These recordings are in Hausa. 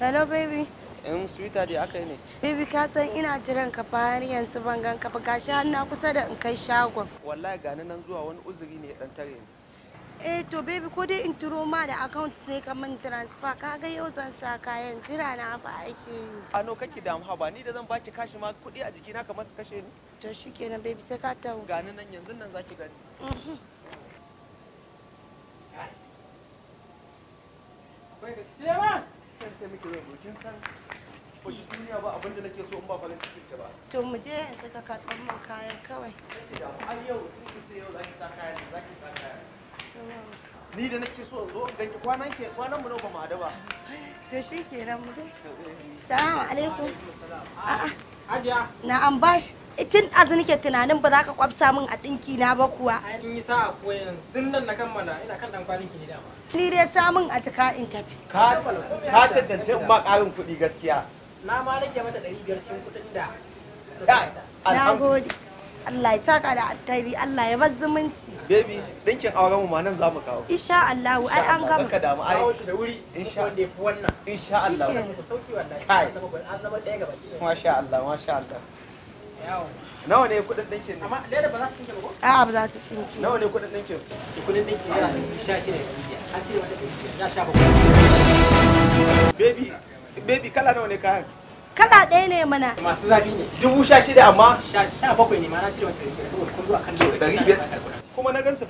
Hello baby. Yan sweeter dai aka yi ne. Baby ka san ina jiran ka fa har yanzu ban gan ka ba gashi har na kusa da in kai shagon. Wallahi ga nan zuwa wani uzuri ne dan tare ni. Eh to baby ko dai in turo ma da account sai ka min transfer ka ga yau zan sa kayan jira na fa ake yi. A kake damu ha ba ni da zan baki kashi ma kuɗi a jikina kamar su kashe ni. To shikenan baby sai ka tawo. Ga nan yanzu nan zaki gani. Mhm. Akwai da kan ce miki san duniya ba abin nake so in ba cikin ta ba to mu je yanzu ka karɓar min kayan kawai da har yau yau sa kayan sa kayan ni da nake so zo in ganki kwanan ke kwanan mu ba mu hada ba to shi mu je alaikum a'a hajiya na an bashi Eh, tun azu nake tunanin ba za ka kwafsa min a ɗinki na ba kuwa. An yi sa'a ko yanzu nan na kammala ina kan ɗan ki ne dama. Ni dai min a cika in tafi. Ka cancanci in ba ƙarin kuɗi gaskiya. Na ma nake mata ɗari biyar cikin kuɗin da. Na gode. Allah ya saka da attari Allah ya bar zumunci. Baby, ɗinkin auren mu ma nan za mu kawo. Insha Allah, ai an gama. Ka damu ai. Kawo shi da wuri. Insha Allah. Insha Allah. Ku sauki wallahi. Kai. zama ɗaya Masha Allah, masha Allah. nawa ne kudin dinkin ne amma ba za ba baby baby kala nawa ne kayan kala ɗaya ne mana masu zafi ne dubu sha shida amma sha bakwai ne ma na saboda kun ɗari biyar kuma na gan su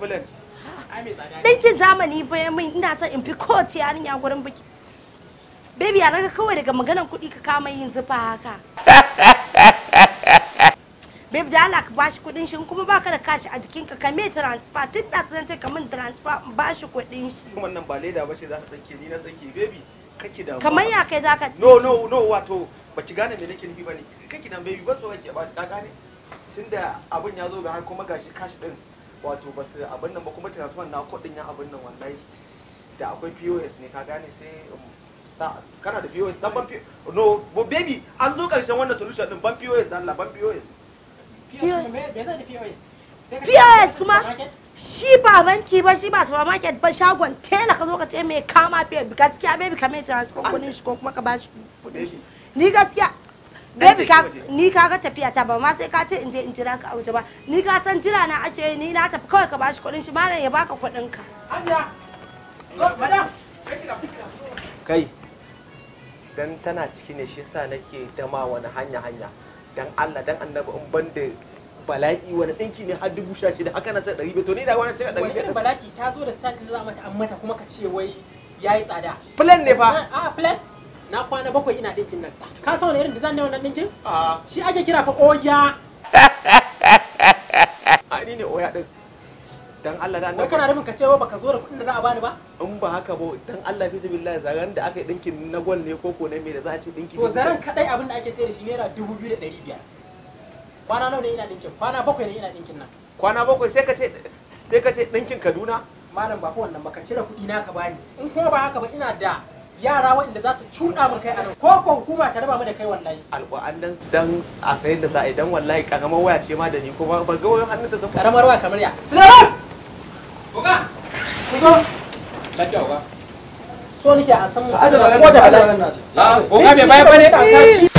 dinkin zamani bayan min ina son in fi kowace ya gurin biki baby ya raka kawai daga maganan kuɗi ka kama yin zufa haka babe da Allah ka bashi kuɗin shi kuma baka da kashi a jikin ka kame transfer tun da zan ce ka min transfer bashi kuɗin shi wannan ba leda bace za ta tsake ni na tsake baby kake da kamar ya kai zaka no no no wato ki gane me nake nufi bane kake da baby ba so kake ba ka gane tunda abin ya zo ga har kuma gashi kashi din wato ba su abin nan ba kuma transfer na kudin ya abin nan wallahi da akwai POS ne ka gane sai kana da POS dan ban no baby an zo karshen wannan solution din ban POS dan Allah ban POS POS kuma shi ba banki ba shi ba supermarket ba shagon tela ka zo ka ce mai kama fiyar gaskiya baby ka mai transfer kudin shi ko kuma ka bashi shi ni gaskiya baby ka ni ka ga tafiya ta ba ma sai ka ce in je in jira ka auje ba ni ka san jira na ake ni na tafi kawai ka bashi kudin shi malam ya baka kudin ka kai dan tana ciki ne shi yasa nake dama wani hanya hanya dan Allah dan annabi in ban da bala'i wani ɗinki ne har dubu sha shida haka na sai ɗari to ni da wani sai ɗari wani irin bala'i ta zo da stand da za mata an mata kuma ka ce wai yayi tsada plan ne fa a plan na kwana bakwai ina ɗinkin nan ka sa wani irin design ne wannan ɗinkin shi ake kira fa oya a ni ne oya ɗin dan Allah da annabi kana nufin ka ce ba baka zo da kuɗin da za a bani ba in ba haka ba dan Allah fi billahi zaran da aka yi dinkin na gwal ne koko ne me da za a ce dinki to zaran kadai abin da ake sayar da shi naira 2500 kwana nawa ne ina dinkin kwana bakwai ne ina dinkin nan kwana bakwai sai ka ce sai ka ce dinkin Kaduna malam ba ko wannan ba ka cire kuɗi na ka bani in kuma ba haka ba ina da yara waɗanda za su cuɗa min kai a nan Koko hukuma ta raba mu da kai wallahi alƙur'an dan dan a sayar da za a yi dan wallahi karamar waya ce ma da ni ko ba ga wayan hannun ta sun karamar waya kamar ya Kuka? Kuka? Lafiya kuka? So nake a san mu. Ko da ah, bai bayar bane? Eh, eh, eh,